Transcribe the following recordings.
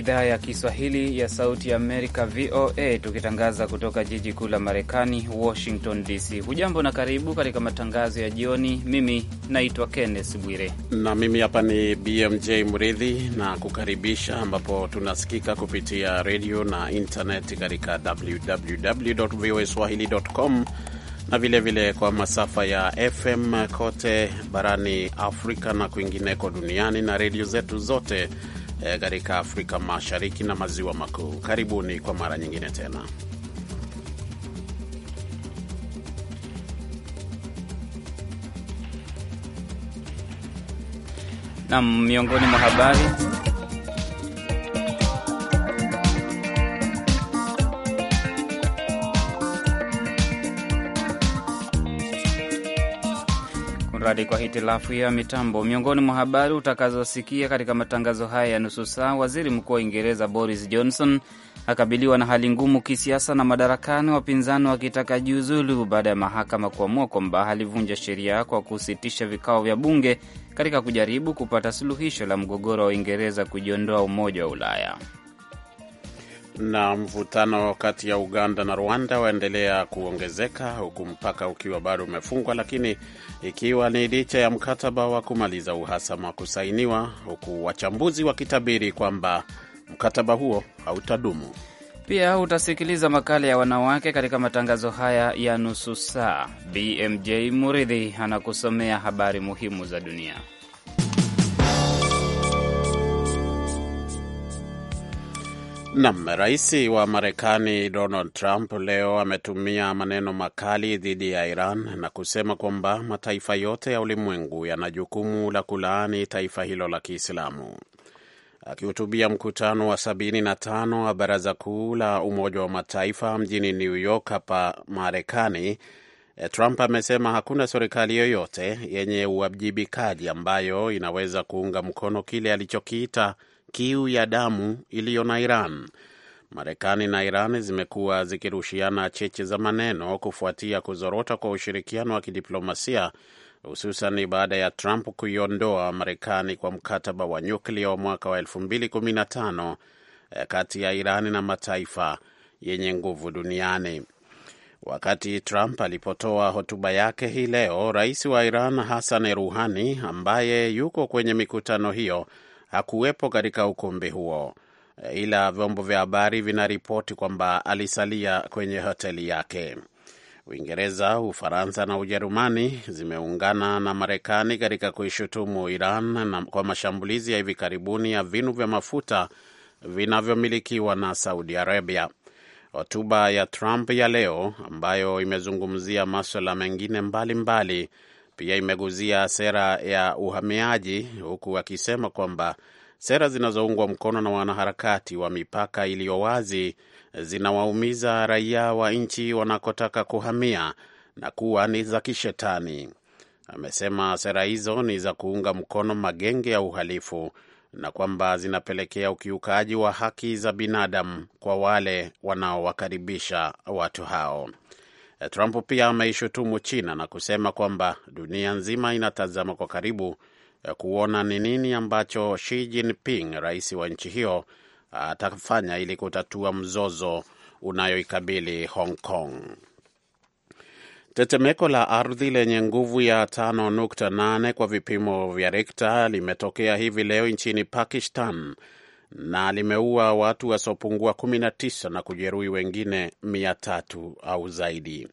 idhaa ya Kiswahili ya Sauti ya Amerika, VOA, tukitangaza kutoka jiji kuu la Marekani, Washington DC. Hujambo na karibu katika matangazo ya jioni. Mimi naitwa Kenneth Bwire na mimi hapa ni BMJ Mridhi na kukaribisha, ambapo tunasikika kupitia redio na intaneti katika www voa swahili.com na vilevile vile kwa masafa ya FM kote barani Afrika na kwingineko duniani na redio zetu zote Eh, katika Afrika Mashariki na Maziwa Makuu. Karibuni kwa mara nyingine tena. Nam, miongoni mwa habari wakati kwa hitilafu ya mitambo. Miongoni mwa habari utakazosikia katika matangazo haya ya nusu saa, waziri mkuu wa Uingereza Boris Johnson akabiliwa na hali ngumu kisiasa na madarakani, wapinzani wakitaka jiuzulu baada ya mahakama kuamua kwamba alivunja sheria kwa kusitisha vikao vya bunge katika kujaribu kupata suluhisho la mgogoro wa Uingereza kujiondoa Umoja wa Ulaya. Na mvutano kati ya Uganda na Rwanda waendelea kuongezeka huku mpaka ukiwa bado umefungwa, lakini ikiwa ni licha ya mkataba wa kumaliza uhasama wa kusainiwa, huku wachambuzi wakitabiri kwamba mkataba huo hautadumu. Pia utasikiliza makala ya wanawake katika matangazo haya ya nusu saa. BMJ Muridhi anakusomea habari muhimu za dunia. Nam, rais wa Marekani Donald Trump leo ametumia maneno makali dhidi ya Iran na kusema kwamba mataifa yote ya ulimwengu yana jukumu la kulaani taifa hilo la Kiislamu. Akihutubia mkutano wa 75 wa Baraza Kuu la Umoja wa Mataifa mjini New York hapa Marekani, eh, Trump amesema hakuna serikali yoyote yenye uwajibikaji ambayo inaweza kuunga mkono kile alichokiita kiu ya damu iliyo na Iran. Marekani na Iran zimekuwa zikirushiana cheche za maneno kufuatia kuzorota kwa ushirikiano wa kidiplomasia hususan baada ya Trump kuiondoa Marekani kwa mkataba wa nyuklia wa mwaka wa 2015 eh, kati ya Iran na mataifa yenye nguvu duniani. Wakati Trump alipotoa hotuba yake hii leo, rais wa Iran Hassan Rouhani, ambaye yuko kwenye mikutano hiyo, hakuwepo katika ukumbi huo, ila vyombo vya habari vinaripoti kwamba alisalia kwenye hoteli yake. Uingereza, Ufaransa na Ujerumani zimeungana na Marekani katika kuishutumu Iran na kwa mashambulizi ya hivi karibuni ya vinu vya mafuta vinavyomilikiwa na Saudi Arabia. Hotuba ya Trump ya leo ambayo imezungumzia maswala mengine mbalimbali mbali, pia imeguzia sera ya uhamiaji, huku akisema kwamba sera zinazoungwa mkono na wanaharakati wa mipaka iliyo wazi zinawaumiza raia wa nchi wanakotaka kuhamia na kuwa ni za kishetani. Amesema sera hizo ni za kuunga mkono magenge ya uhalifu na kwamba zinapelekea ukiukaji wa haki za binadamu kwa wale wanaowakaribisha watu hao. Eh, Trump pia ameishutumu China na kusema kwamba dunia nzima inatazama kwa karibu eh, kuona ni nini ambacho Xi Jinping, rais wa nchi hiyo, atafanya ili kutatua mzozo unayoikabili Hong Kong. Tetemeko la ardhi lenye nguvu ya 5.8 kwa vipimo vya Richter limetokea hivi leo nchini Pakistan na limeua watu wasiopungua 19 na kujeruhi wengine mia tatu au zaidi.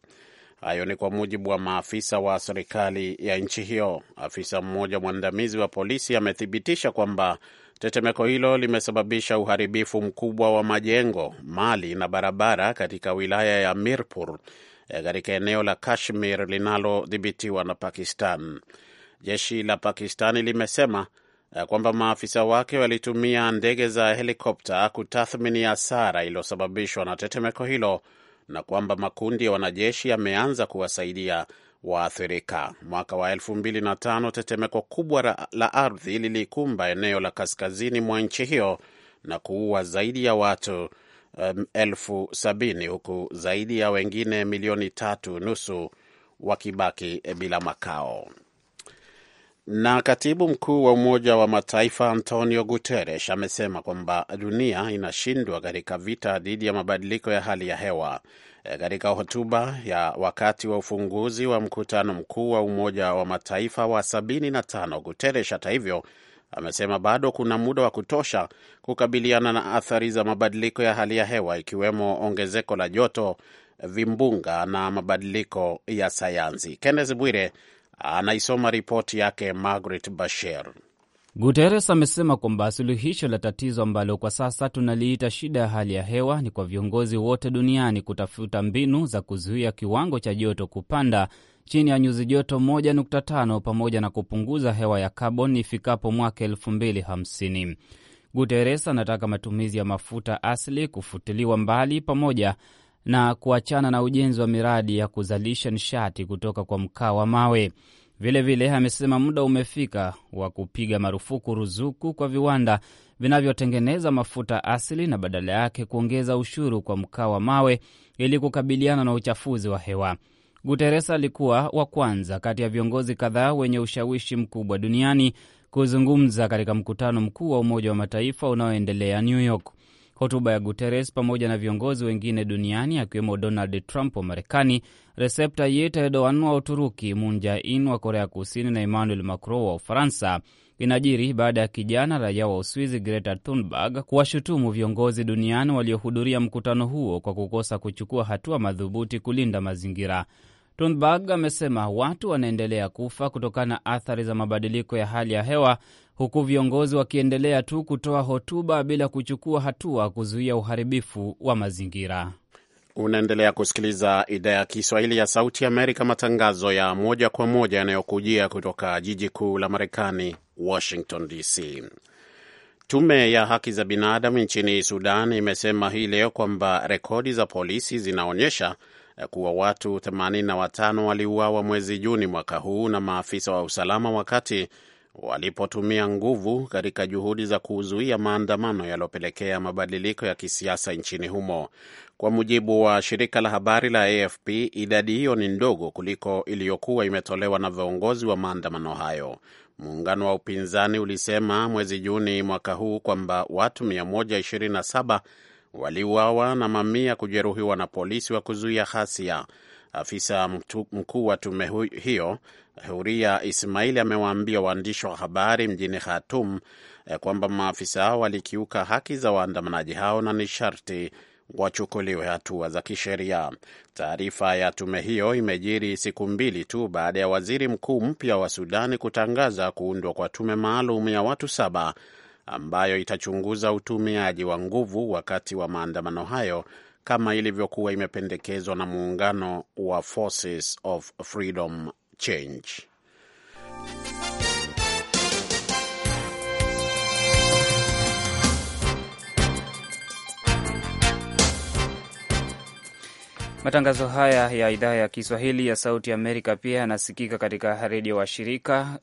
Hayo ni kwa mujibu wa maafisa wa serikali ya nchi hiyo. Afisa mmoja mwandamizi wa polisi amethibitisha kwamba tetemeko hilo limesababisha uharibifu mkubwa wa majengo, mali na barabara katika wilaya ya Mirpur eh, katika eneo la Kashmir linalodhibitiwa na Pakistan. Jeshi la Pakistani limesema Eh, kwamba maafisa wake walitumia ndege za helikopta kutathmini hasara iliyosababishwa na tetemeko hilo na kwamba makundi ya wanajeshi yameanza kuwasaidia waathirika. Mwaka wa 2005 tetemeko kubwa la ardhi lilikumba eneo la kaskazini mwa nchi hiyo na kuua zaidi ya watu um, elfu sabini huku zaidi ya wengine milioni tatu nusu wakibaki bila makao. Na katibu mkuu wa Umoja wa Mataifa Antonio Guterres amesema kwamba dunia inashindwa katika vita dhidi ya mabadiliko ya hali ya hewa. E, katika hotuba ya wakati wa ufunguzi wa mkutano mkuu wa Umoja wa Mataifa wa 75 Guterres hata hivyo amesema bado kuna muda wa kutosha kukabiliana na athari za mabadiliko ya hali ya hewa ikiwemo ongezeko la joto, vimbunga na mabadiliko ya sayansi. Kenneth Bwire Anaisoma ripoti yake Margaret Bashir. Guterres amesema kwamba suluhisho la tatizo ambalo kwa sasa tunaliita shida ya hali ya hewa ni kwa viongozi wote duniani kutafuta mbinu za kuzuia kiwango cha joto kupanda chini ya nyuzi joto 1.5 pamoja na kupunguza hewa ya kaboni ifikapo mwaka 2050. Guterres anataka matumizi ya mafuta asili kufutiliwa mbali pamoja na kuachana na ujenzi wa miradi ya kuzalisha nishati kutoka kwa mkaa wa mawe. Vilevile vile, amesema muda umefika wa kupiga marufuku ruzuku kwa viwanda vinavyotengeneza mafuta asili na badala yake kuongeza ushuru kwa mkaa wa mawe ili kukabiliana na uchafuzi wa hewa. guteres alikuwa wa kwanza kati ya viongozi kadhaa wenye ushawishi mkubwa duniani kuzungumza katika mkutano mkuu wa Umoja wa Mataifa unaoendelea New York. Hotuba ya Guterres pamoja na viongozi wengine duniani akiwemo Donald Trump wa Marekani, Recep Tayyip Erdogan wa Uturuki, Moon Jae-in wa Korea Kusini na Emmanuel Macron wa Ufaransa inajiri baada ya kijana raia wa Uswizi Greta Thunberg kuwashutumu viongozi duniani waliohudhuria mkutano huo kwa kukosa kuchukua hatua madhubuti kulinda mazingira. Thunberg amesema watu wanaendelea kufa kutokana na athari za mabadiliko ya hali ya hewa huku viongozi wakiendelea tu kutoa hotuba bila kuchukua hatua kuzuia uharibifu wa mazingira. Unaendelea kusikiliza idhaa ya Kiswahili ya Sauti Amerika, matangazo ya moja kwa moja yanayokujia kutoka jiji kuu la Marekani, Washington DC. Tume ya haki za binadamu nchini Sudan imesema hii leo kwamba rekodi za polisi zinaonyesha eh, kuwa watu 85 waliuawa mwezi Juni mwaka huu na maafisa wa usalama wakati walipotumia nguvu katika juhudi za kuzuia maandamano yaliyopelekea mabadiliko ya kisiasa nchini humo. Kwa mujibu wa shirika la habari la AFP, idadi hiyo ni ndogo kuliko iliyokuwa imetolewa na viongozi wa maandamano hayo. Muungano wa upinzani ulisema mwezi Juni mwaka huu kwamba watu 127 waliuawa na mamia kujeruhiwa na polisi wa kuzuia ghasia. Afisa mkuu wa tume hiyo Huria ismaili amewaambia waandishi wa habari mjini Khartoum eh, kwamba maafisa hao walikiuka haki za waandamanaji hao na ni sharti wachukuliwe hatua za kisheria. Taarifa ya tume hiyo imejiri siku mbili tu baada ya waziri mkuu mpya wa Sudani kutangaza kuundwa kwa tume maalum ya watu saba ambayo itachunguza utumiaji wa nguvu wakati wa maandamano hayo kama ilivyokuwa imependekezwa na muungano wa Forces of Freedom Change. Matangazo haya ya idhaa ya Kiswahili ya Sauti Amerika pia yanasikika katika redio washirika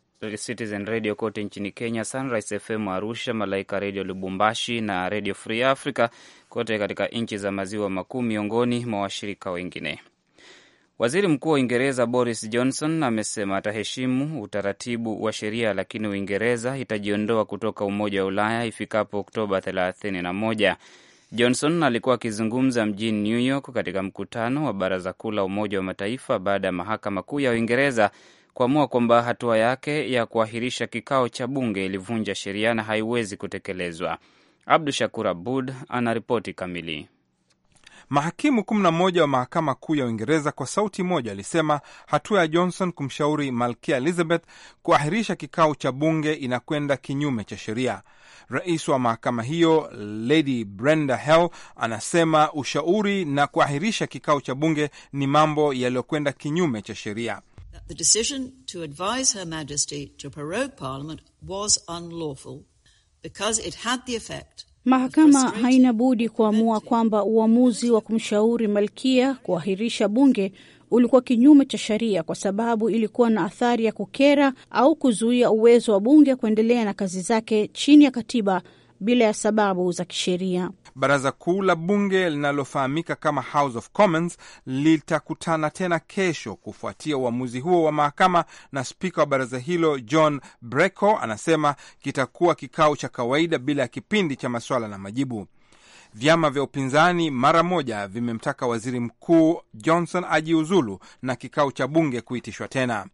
Citizen Radio kote nchini Kenya, Sunrise FM Arusha, Malaika Redio Lubumbashi na Redio Free Africa kote katika nchi za maziwa makuu, miongoni mwa washirika wengine. Waziri Mkuu wa Uingereza Boris Johnson amesema ataheshimu utaratibu wa sheria, lakini Uingereza itajiondoa kutoka Umoja wa Ulaya ifikapo Oktoba 31. Johnson alikuwa akizungumza mjini New York katika mkutano wa Baraza Kuu la Umoja wa Mataifa baada ya Mahakama Kuu ya Uingereza kuamua kwamba hatua yake ya kuahirisha kikao cha bunge ilivunja sheria na haiwezi kutekelezwa. Abdu Shakur Abud anaripoti kamili. Mahakimu 11 wa mahakama kuu ya Uingereza kwa sauti moja alisema hatua ya Johnson kumshauri malkia Elizabeth kuahirisha kikao cha bunge inakwenda kinyume cha sheria. Rais wa mahakama hiyo Lady Brenda hell anasema ushauri na kuahirisha kikao cha bunge ni mambo yaliyokwenda kinyume cha sheria. The decision to advise Her Majesty to prorogue Parliament was unlawful because it had the effect Mahakama haina budi kuamua kwamba uamuzi wa kumshauri Malkia kuahirisha bunge ulikuwa kinyume cha sheria kwa sababu ilikuwa na athari ya kukera au kuzuia uwezo wa bunge kuendelea na kazi zake chini ya katiba bila ya sababu za kisheria. Baraza kuu la bunge linalofahamika kama House of Commons litakutana tena kesho kufuatia uamuzi huo wa mahakama, na spika wa baraza hilo John Breko anasema kitakuwa kikao cha kawaida bila ya kipindi cha maswala na majibu. Vyama vya upinzani mara moja vimemtaka waziri mkuu Johnson ajiuzulu na kikao cha bunge kuitishwa tena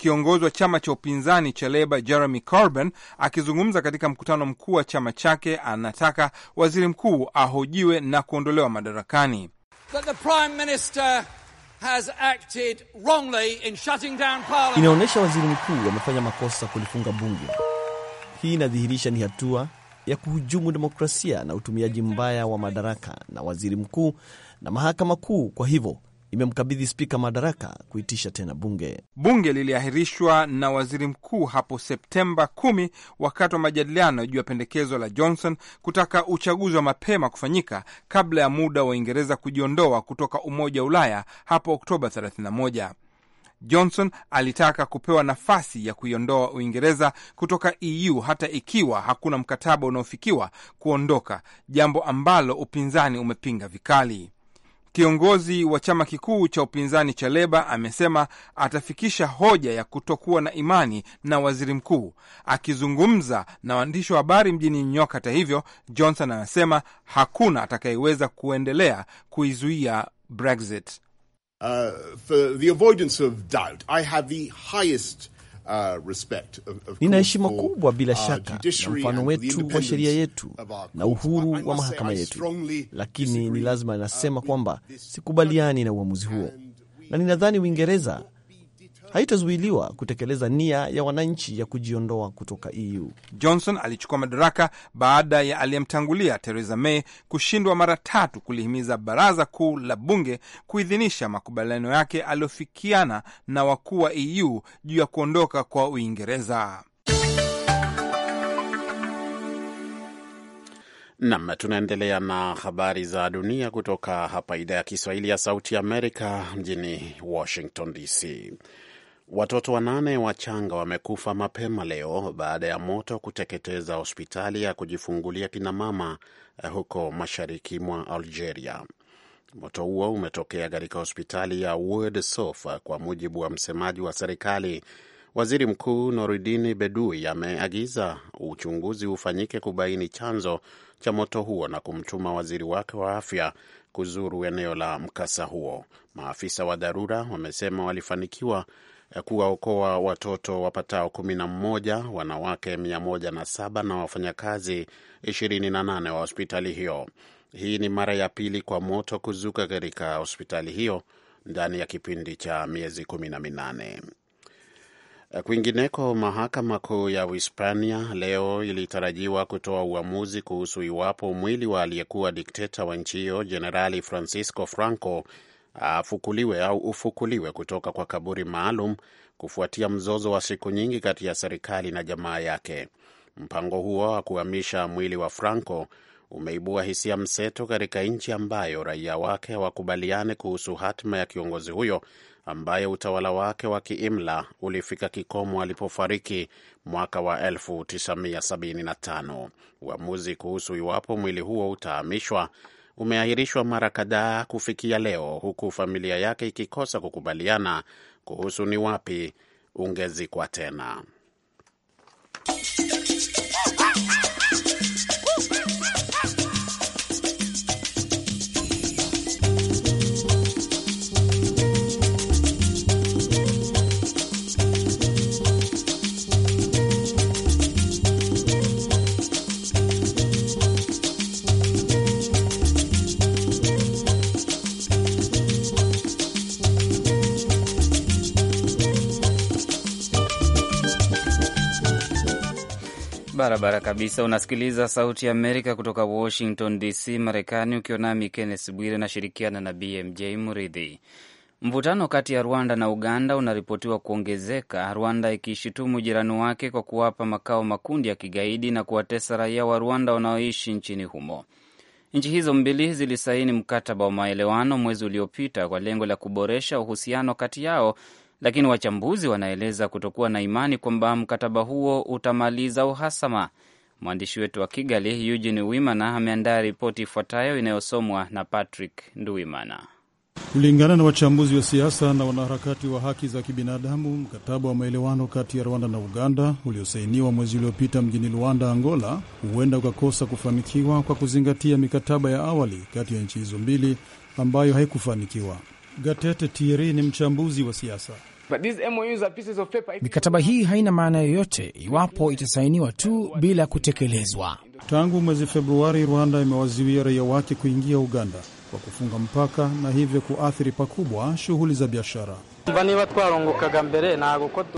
kiongozi wa chama cha upinzani cha Leba Jeremy Corbyn akizungumza katika mkutano mkuu wa chama chake, anataka waziri mkuu ahojiwe na kuondolewa madarakani. Inaonyesha waziri mkuu amefanya makosa kulifunga bunge. Hii inadhihirisha ni hatua ya kuhujumu demokrasia na utumiaji mbaya wa madaraka na waziri mkuu na mahakama kuu. Kwa hivyo imemkabidhi spika madaraka kuitisha tena bunge. Bunge liliahirishwa na waziri mkuu hapo Septemba 10 wakati wa majadiliano juu ya pendekezo la Johnson kutaka uchaguzi wa mapema kufanyika kabla ya muda wa Uingereza kujiondoa kutoka Umoja wa Ulaya hapo Oktoba 31. Johnson alitaka kupewa nafasi ya kuiondoa Uingereza kutoka EU hata ikiwa hakuna mkataba unaofikiwa kuondoka, jambo ambalo upinzani umepinga vikali. Kiongozi wa chama kikuu cha upinzani cha Leba amesema atafikisha hoja ya kutokuwa na imani na waziri mkuu. Akizungumza na waandishi wa habari mjini New York, hata hivyo, Johnson anasema hakuna atakayeweza kuendelea kuizuia Brexit. Uh, for the avoidance of doubt, I have the highest Uh, Nina heshima kubwa bila uh, shaka na mfano wetu wa sheria yetu na uhuru wa mahakama yetu, lakini ni lazima uh, nasema kwamba sikubaliani na uamuzi huo, na ninadhani Uingereza haitazuiliwa kutekeleza nia ya wananchi ya kujiondoa kutoka EU. Johnson alichukua madaraka baada ya aliyemtangulia Theresa May kushindwa mara tatu kulihimiza baraza kuu la bunge kuidhinisha makubaliano yake aliyofikiana na wakuu wa EU juu ya kuondoka kwa Uingereza. Nam, tunaendelea na habari za dunia kutoka hapa idhaa ya Kiswahili ya Sauti Amerika mjini Washington DC. Watoto wanane wachanga wamekufa mapema leo baada ya moto kuteketeza hospitali ya kujifungulia kinamama eh, huko mashariki mwa Algeria. Moto huo umetokea katika hospitali ya Word eh, kwa mujibu wa msemaji wa serikali. Waziri Mkuu Noridin Bedui ameagiza uchunguzi ufanyike kubaini chanzo cha moto huo na kumtuma waziri wake wa afya kuzuru eneo la mkasa huo. Maafisa wa dharura wamesema walifanikiwa Eh, kuwaokoa watoto wapatao kumi na mmoja, wanawake mia moja na saba na wafanyakazi ishirini na nane wa hospitali hiyo. Hii ni mara ya pili kwa moto kuzuka katika hospitali hiyo ndani ya kipindi cha miezi kumi na minane. Eh, kwingineko, mahakama kuu ya Uhispania leo ilitarajiwa kutoa uamuzi kuhusu iwapo mwili wa aliyekuwa dikteta wa nchi hiyo Jenerali Francisco Franco afukuliwe au ufukuliwe kutoka kwa kaburi maalum kufuatia mzozo wa siku nyingi kati ya serikali na jamaa yake. Mpango huo wa kuhamisha mwili wa Franco umeibua hisia mseto katika nchi ambayo raia wake hawakubaliani kuhusu hatima ya kiongozi huyo ambaye utawala wake wa kiimla ulifika kikomo alipofariki mwaka wa 1975. Uamuzi kuhusu iwapo mwili huo utahamishwa umeahirishwa mara kadhaa kufikia leo, huku familia yake ikikosa kukubaliana kuhusu ni wapi ungezikwa tena. Barabara kabisa. Unasikiliza Sauti ya Amerika kutoka Washington DC, Marekani, ukiwa nami Kennes Bwire nashirikiana na BMJ mridhi Mvutano kati ya Rwanda na Uganda unaripotiwa kuongezeka, Rwanda ikishutumu jirani wake kwa kuwapa makao makundi ya kigaidi na kuwatesa raia wa Rwanda wanaoishi nchini humo. Nchi hizo mbili zilisaini mkataba wa maelewano mwezi uliopita kwa lengo la kuboresha uhusiano kati yao lakini wachambuzi wanaeleza kutokuwa na imani kwamba mkataba huo utamaliza uhasama. Mwandishi wetu wa Kigali, Eugene Wimana, ameandaa ripoti ifuatayo inayosomwa na Patrick Nduwimana. Kulingana na wachambuzi wa siasa na wanaharakati wa haki za kibinadamu, mkataba wa maelewano kati ya Rwanda na Uganda uliosainiwa mwezi uliopita mjini Luanda, Angola, huenda ukakosa kufanikiwa kwa kuzingatia mikataba ya awali kati ya nchi hizo mbili ambayo haikufanikiwa. Gatete Tieri ni mchambuzi wa siasa. Mikataba hii haina maana yoyote iwapo itasainiwa tu bila kutekelezwa. Tangu mwezi Februari, Rwanda imewaziwia raia wake kuingia Uganda kwa kufunga mpaka na hivyo kuathiri pakubwa shughuli za biashara.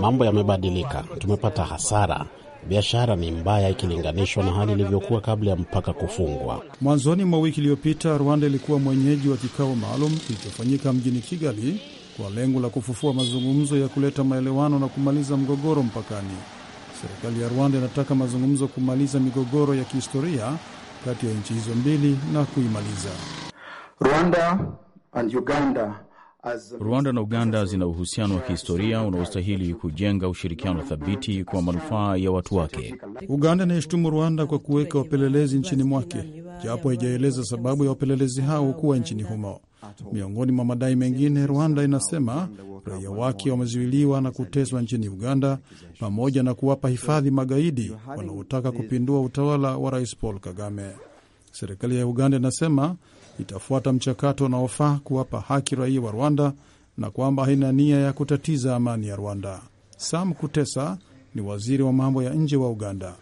Mambo yamebadilika, tumepata hasara. Biashara ni mbaya ikilinganishwa na hali ilivyokuwa kabla ya mpaka kufungwa. Mwanzoni mwa wiki iliyopita, Rwanda ilikuwa mwenyeji wa kikao maalum kilichofanyika mjini Kigali kwa lengo la kufufua mazungumzo ya kuleta maelewano na kumaliza mgogoro mpakani. Serikali ya Rwanda inataka mazungumzo kumaliza migogoro ya kihistoria kati ya nchi hizo mbili na kuimaliza. Rwanda and Uganda Rwanda na Uganda zina uhusiano wa kihistoria unaostahili kujenga ushirikiano thabiti kwa manufaa ya watu wake. Uganda inaishutumu Rwanda kwa kuweka wapelelezi nchini mwake, japo haijaeleza sababu ya wapelelezi hao kuwa nchini humo. Miongoni mwa madai mengine, Rwanda inasema raia wake wamezuiliwa na kuteswa nchini Uganda, pamoja na kuwapa hifadhi magaidi wanaotaka kupindua utawala wa Rais Paul Kagame. Serikali ya Uganda inasema itafuata mchakato unaofaa kuwapa haki raia wa Rwanda na kwamba haina nia ya kutatiza amani ya Rwanda. Sam Kutesa ni waziri wa mambo ya nje wa Uganda.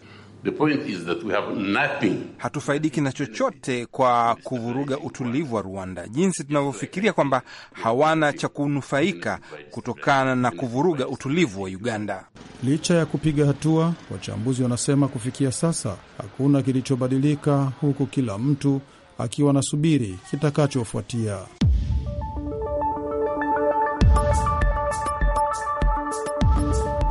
The point is that we have nothing. Hatufaidiki na chochote kwa kuvuruga utulivu wa Rwanda, jinsi tunavyofikiria kwamba hawana cha kunufaika kutokana na kuvuruga utulivu wa Uganda. Licha ya kupiga hatua, wachambuzi wanasema kufikia sasa hakuna kilichobadilika, huku kila mtu akiwa nasubiri kitakachofuatia.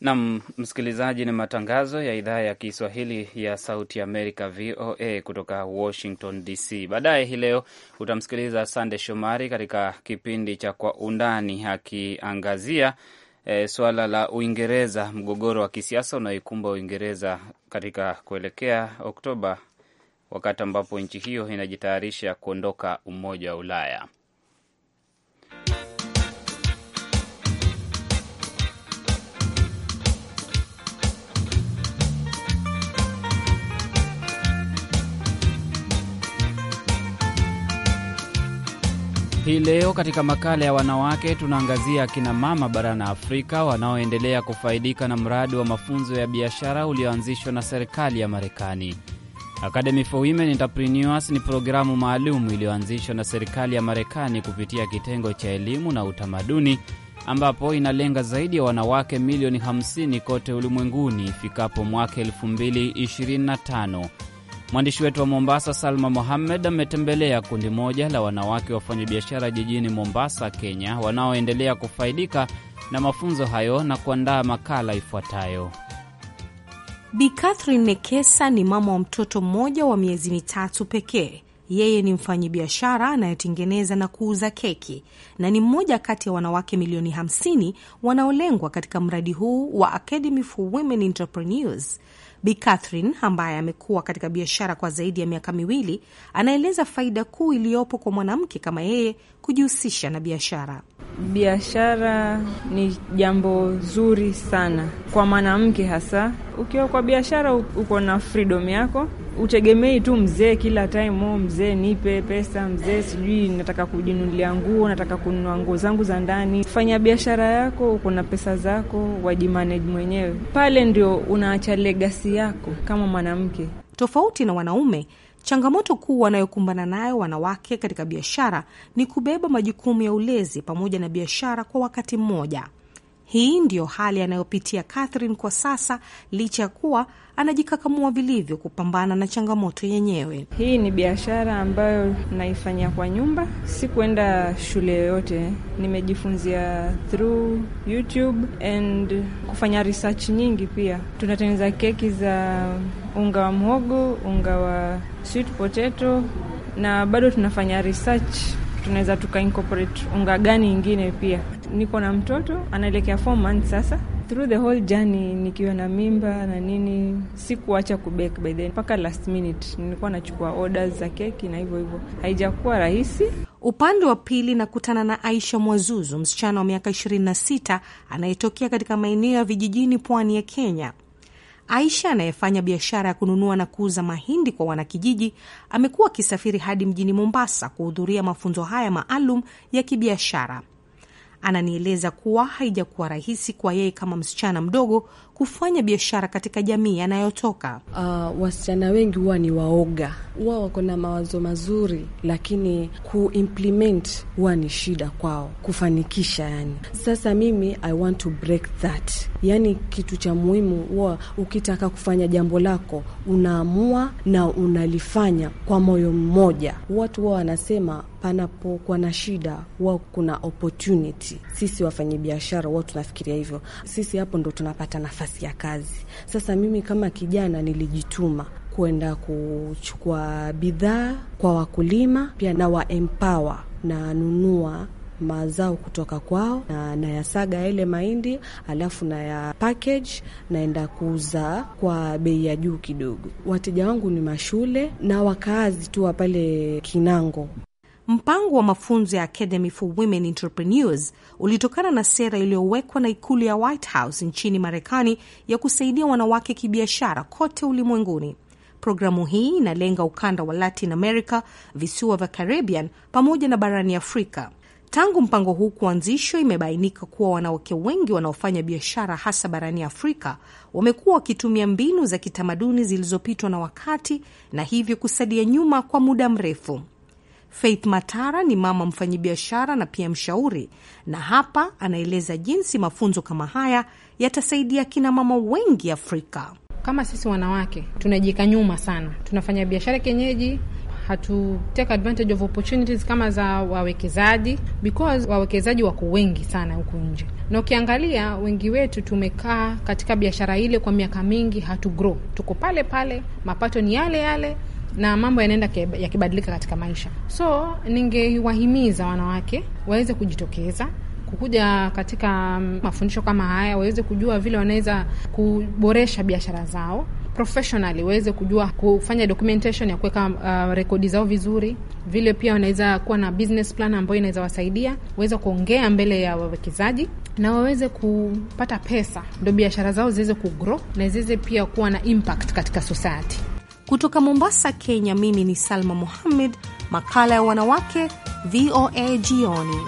Nam msikilizaji, ni matangazo ya idhaa ya Kiswahili ya Sauti Amerika, VOA, kutoka Washington DC. Baadaye hii leo utamsikiliza Sande Shomari katika kipindi cha Kwa Undani akiangazia e, eh, suala la Uingereza, mgogoro wa kisiasa unaoikumba Uingereza katika kuelekea Oktoba, wakati ambapo nchi hiyo inajitayarisha kuondoka Umoja wa Ulaya. Hii leo katika makala ya wanawake tunaangazia akina mama barani Afrika wanaoendelea kufaidika na mradi wa mafunzo ya biashara ulioanzishwa na serikali ya Marekani. Academy for Women Entrepreneurs ni programu maalum iliyoanzishwa na serikali ya Marekani kupitia kitengo cha elimu na utamaduni, ambapo inalenga zaidi ya wanawake milioni 50 kote ulimwenguni ifikapo mwaka 2025. Mwandishi wetu wa Mombasa, Salma Mohamed, ametembelea kundi moja la wanawake wafanyabiashara jijini Mombasa, Kenya, wanaoendelea kufaidika na mafunzo hayo na kuandaa makala ifuatayo. Bi Catherine Nekesa ni mama wa mtoto mmoja wa miezi mitatu pekee. Yeye ni mfanyabiashara anayetengeneza na kuuza keki na ni mmoja kati ya wanawake milioni 50 wanaolengwa katika mradi huu wa Academy for Women Entrepreneurs Bi Catherine ambaye amekuwa katika biashara kwa zaidi ya miaka miwili anaeleza faida kuu iliyopo kwa mwanamke kama yeye kujihusisha na biashara. Biashara ni jambo zuri sana kwa mwanamke, hasa ukiwa kwa biashara, uko na freedom yako, utegemei tu mzee kila time. Oh, mzee nipe pesa, mzee sijui nataka kujinunulia nguo, nataka kununua nguo zangu za ndani. Fanya biashara yako, uko na pesa zako, wajimanage mwenyewe. Pale ndio unaacha legasi yako kama mwanamke, tofauti na wanaume. Changamoto kuu wanayokumbana nayo wanawake katika biashara ni kubeba majukumu ya ulezi pamoja na biashara kwa wakati mmoja. Hii ndiyo hali anayopitia Catherine kwa sasa, licha ya kuwa anajikakamua vilivyo kupambana na changamoto yenyewe. Hii ni biashara ambayo naifanya kwa nyumba, si kuenda shule yoyote. Nimejifunzia through YouTube and kufanya research nyingi. Pia tunatengeneza keki za unga wa mhogo, unga wa sweet potato, na bado tunafanya research, tunaweza tukaincorporate unga gani ingine pia niko na mtoto anaelekea four months sasa. Through the whole journey nikiwa na mimba na nini, sikuacha kubake by then mpaka last minute nilikuwa nachukua orders za keki na hivyo hivyo, haijakuwa rahisi. Upande wa pili nakutana na Aisha Mwazuzu, msichana wa miaka 26 anayetokea katika maeneo ya vijijini pwani ya Kenya. Aisha anayefanya biashara ya kununua na kuuza mahindi kwa wanakijiji amekuwa akisafiri hadi mjini Mombasa kuhudhuria mafunzo haya maalum ya kibiashara. Ananieleza kuwa haijakuwa rahisi kwa yeye kama msichana mdogo kufanya biashara katika jamii anayotoka. Uh, wasichana wengi huwa ni waoga, huwa wako na mawazo mazuri, lakini kuimplement huwa ni shida kwao kufanikisha. Yani sasa mimi I want to break that, yani kitu cha muhimu huwa ukitaka kufanya jambo lako unaamua na unalifanya kwa moyo mmoja. Watu huwa wanasema panapokuwa na shida huwa kuna opportunity. Sisi wafanyabiashara huwa tunafikiria hivyo, sisi hapo ndo tunapata nafasi ya kazi. Sasa mimi kama kijana nilijituma kuenda kuchukua bidhaa kwa wakulima, pia na wa empower na nunua mazao kutoka kwao na nayasaga yale mahindi alafu ya package naenda kuuza kwa bei ya juu kidogo. Wateja wangu ni mashule na wakaazi tu wa pale Kinango Mpango wa mafunzo ya Academy for Women Entrepreneurs ulitokana na sera iliyowekwa na ikulu ya White House nchini Marekani ya kusaidia wanawake kibiashara kote ulimwenguni. Programu hii inalenga ukanda wa Latin America, visiwa vya Caribbean pamoja na barani Afrika. Tangu mpango huu kuanzishwa, imebainika kuwa wanawake wengi wanaofanya biashara hasa barani Afrika wamekuwa wakitumia mbinu za kitamaduni zilizopitwa na wakati na hivyo kusalia nyuma kwa muda mrefu. Faith Matara ni mama mfanyabiashara na pia mshauri, na hapa anaeleza jinsi mafunzo kama haya yatasaidia kina mama wengi Afrika. Kama sisi wanawake tunajika nyuma sana, tunafanya biashara kienyeji hatu take advantage of opportunities kama za wawekezaji because wawekezaji wako wengi sana huku nje, na ukiangalia wengi wetu tumekaa katika biashara ile kwa miaka mingi, hatu grow, tuko pale pale, mapato ni yale yale na mambo yanaenda yakibadilika katika maisha. So ningewahimiza wanawake waweze kujitokeza kukuja katika mm, mafundisho kama haya, waweze kujua vile wanaweza kuboresha biashara zao professionally, waweze kujua kufanya documentation ya kuweka uh, rekodi zao vizuri. Vile pia wanaweza kuwa na business plan ambayo inaweza wasaidia, waweze kuongea mbele ya wawekezaji na waweze kupata pesa, ndo biashara zao ziweze kugrow na ziweze pia kuwa na impact katika society. Kutoka Mombasa, Kenya, mimi ni Salma muhammed makala ya wanawake, VOA Jioni.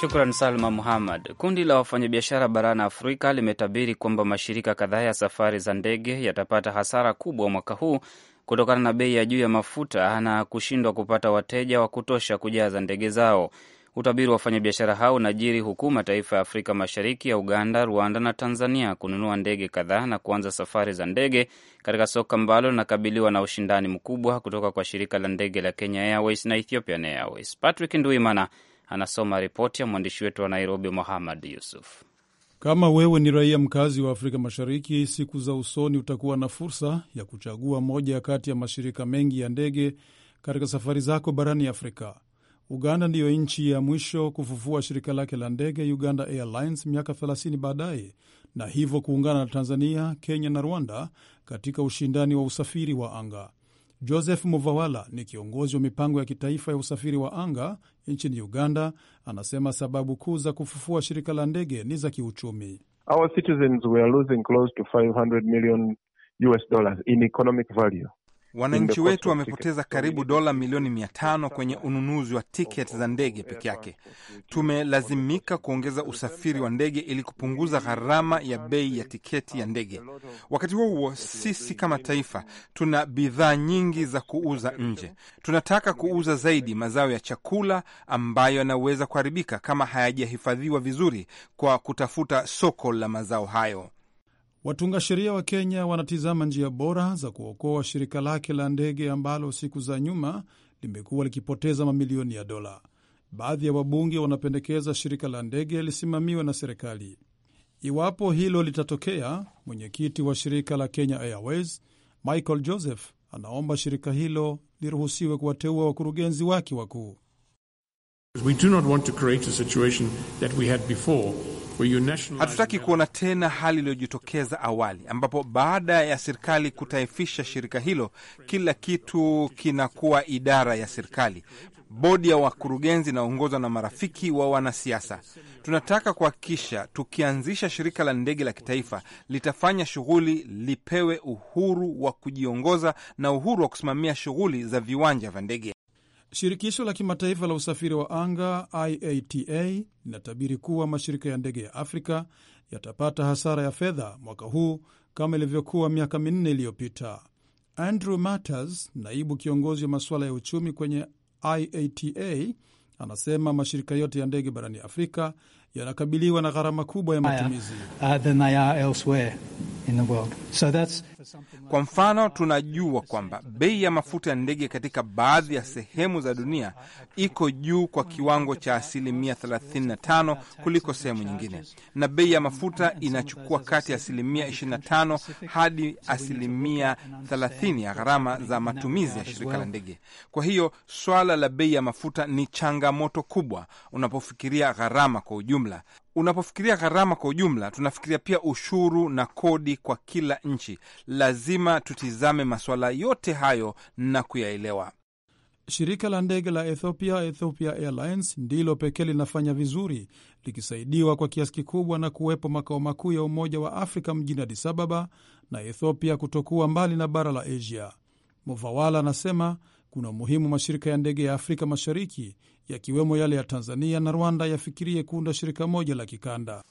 Shukran Salma Muhammad. Kundi la wafanyabiashara barani Afrika limetabiri kwamba mashirika kadhaa ya safari za ndege yatapata hasara kubwa mwaka huu kutokana na bei ya juu ya mafuta na kushindwa kupata wateja wa kutosha kujaza ndege zao. Utabiri wa wafanyabiashara hao unajiri huku mataifa ya Afrika Mashariki ya Uganda, Rwanda na Tanzania kununua ndege kadhaa na kuanza safari za ndege katika soko ambalo linakabiliwa na ushindani mkubwa kutoka kwa shirika la ndege la Kenya Airways na Ethiopian Airways. Patrick Nduimana anasoma ripoti ya mwandishi wetu wa Nairobi, Muhammad Yusuf. Kama wewe ni raia mkazi wa Afrika Mashariki, siku za usoni utakuwa na fursa ya kuchagua moja kati ya mashirika mengi ya ndege katika safari zako barani Afrika. Uganda ndiyo nchi ya mwisho kufufua shirika lake la ndege Uganda Airlines miaka 30 baadaye, na hivyo kuungana na Tanzania, Kenya na Rwanda katika ushindani wa usafiri wa anga. Joseph Muvawala ni kiongozi wa mipango ya kitaifa ya usafiri wa anga nchini Uganda. Anasema sababu kuu za kufufua shirika la ndege ni za kiuchumi. Our citizens were losing close to 500 million US dollars in economic value Wananchi wetu wamepoteza karibu dola milioni mia tano kwenye ununuzi wa tiketi za ndege peke yake. Tumelazimika kuongeza usafiri wa ndege ili kupunguza gharama ya bei ya tiketi ya ndege. Wakati huo huo, sisi kama taifa tuna bidhaa nyingi za kuuza nje. Tunataka kuuza zaidi mazao ya chakula ambayo yanaweza kuharibika kama hayajahifadhiwa vizuri, kwa kutafuta soko la mazao hayo. Watunga sheria wa Kenya wanatizama njia bora za kuokoa shirika lake la ndege ambalo siku za nyuma limekuwa likipoteza mamilioni ya dola. Baadhi ya wabunge wanapendekeza shirika la ndege lisimamiwe na serikali. Iwapo hilo litatokea, mwenyekiti wa shirika la Kenya Airways Michael Joseph anaomba shirika hilo liruhusiwe kuwateua wakurugenzi wake wakuu. We do not want to create a situation that we had before Hatutaki kuona tena hali iliyojitokeza awali, ambapo baada ya serikali kutaifisha shirika hilo, kila kitu kinakuwa idara ya serikali, bodi ya wakurugenzi inaongozwa na marafiki wa wanasiasa. Tunataka kuhakikisha tukianzisha shirika la ndege la kitaifa litafanya shughuli, lipewe uhuru wa kujiongoza na uhuru wa kusimamia shughuli za viwanja vya ndege. Shirikisho la kimataifa la usafiri wa anga IATA linatabiri kuwa mashirika ya ndege ya Afrika yatapata hasara ya fedha mwaka huu kama ilivyokuwa miaka minne iliyopita. Andrew Matters, naibu kiongozi wa masuala ya uchumi kwenye IATA, anasema mashirika yote ya ndege barani Afrika yanakabiliwa na gharama kubwa ya matumizi. Uh, kwa mfano, tunajua kwamba bei ya mafuta ya ndege katika baadhi ya sehemu za dunia iko juu kwa kiwango cha asilimia 35 kuliko sehemu nyingine, na bei ya mafuta inachukua kati ya asilimia 25 hadi asilimia 30 ya gharama za matumizi ya shirika la ndege. Kwa hiyo swala la bei ya mafuta ni changamoto kubwa unapofikiria gharama kwa ujumla unapofikiria gharama kwa ujumla, tunafikiria pia ushuru na kodi kwa kila nchi. Lazima tutizame masuala yote hayo na kuyaelewa. Shirika la ndege la Ethiopia, Ethiopia Airlines, ndilo pekee linafanya vizuri, likisaidiwa kwa kiasi kikubwa na kuwepo makao makuu ya Umoja wa Afrika mjini Addis Ababa na Ethiopia kutokuwa mbali na bara la Asia. movawala anasema kuna umuhimu mashirika ya ndege ya Afrika Mashariki yakiwemo yale ya Tanzania na Rwanda yafikirie kuunda shirika moja la kikanda.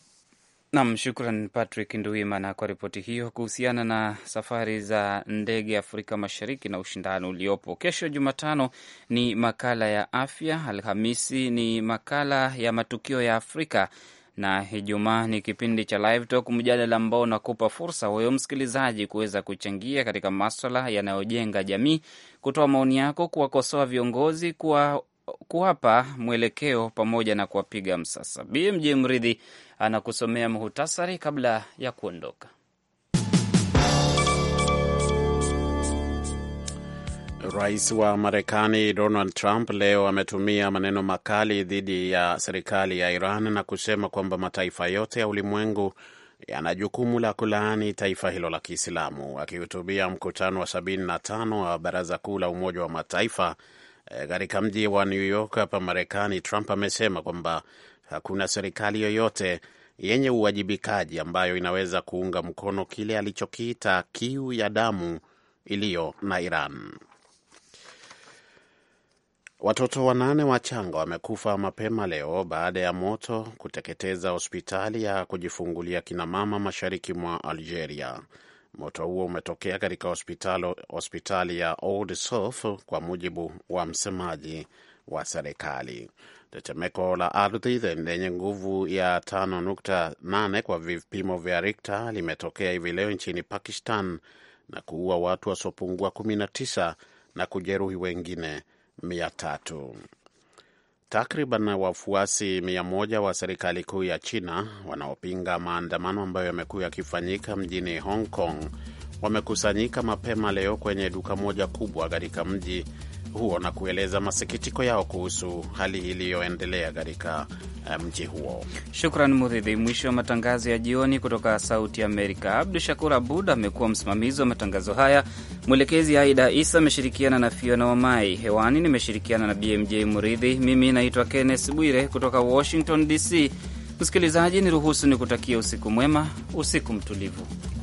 Nam, shukran Patrick Nduimana kwa ripoti hiyo kuhusiana na safari za ndege Afrika Mashariki na ushindani uliopo. Kesho Jumatano ni makala ya afya, Alhamisi ni makala ya matukio ya Afrika na Ijumaa ni kipindi cha Live Talk, mjadala ambao unakupa fursa huyo msikilizaji kuweza kuchangia katika maswala yanayojenga jamii, kutoa maoni yako, kuwakosoa viongozi, kuwa kuwapa mwelekeo pamoja na kuwapiga msasa. BMJ Mridhi anakusomea muhutasari kabla ya kuondoka. Rais wa Marekani Donald Trump leo ametumia maneno makali dhidi ya serikali ya Iran na kusema kwamba mataifa yote ya ulimwengu yana jukumu la kulaani taifa hilo la Kiislamu. Akihutubia mkutano wa 75 wa Baraza Kuu la Umoja wa Mataifa Eh, katika mji wa New York hapa Marekani, Trump amesema kwamba hakuna serikali yoyote yenye uwajibikaji ambayo inaweza kuunga mkono kile alichokiita kiu ya damu iliyo na Iran. Watoto wanane wachanga wamekufa mapema leo baada ya moto kuteketeza hospitali ya kujifungulia kinamama mashariki mwa Algeria. Moto huo umetokea katika hospitali, hospitali ya Old South kwa mujibu wa msemaji wa serikali. Tetemeko la ardhi lenye nguvu ya 5.8 kwa vipimo vya rikta limetokea hivi leo nchini Pakistan na kuua watu wasiopungua 19 na kujeruhi wengine mia tatu. Takriban wafuasi mia moja wa serikali kuu ya China wanaopinga maandamano ambayo yamekuwa yakifanyika mjini Hong Kong wamekusanyika mapema leo kwenye duka moja kubwa katika mji huo na kueleza masikitiko yao kuhusu hali iliyoendelea katika eh, mji um, huo. Shukran Muridhi. Mwisho wa matangazo ya jioni kutoka Sauti Amerika. Abdu Shakur Abud amekuwa msimamizi wa matangazo haya, mwelekezi Aida Isa ameshirikiana na Fiona Wamai. Hewani nimeshirikiana na BMJ Muridhi. Mimi naitwa Kenneth Bwire kutoka Washington DC. Msikilizaji, niruhusu kutakia usiku mwema, usiku mtulivu.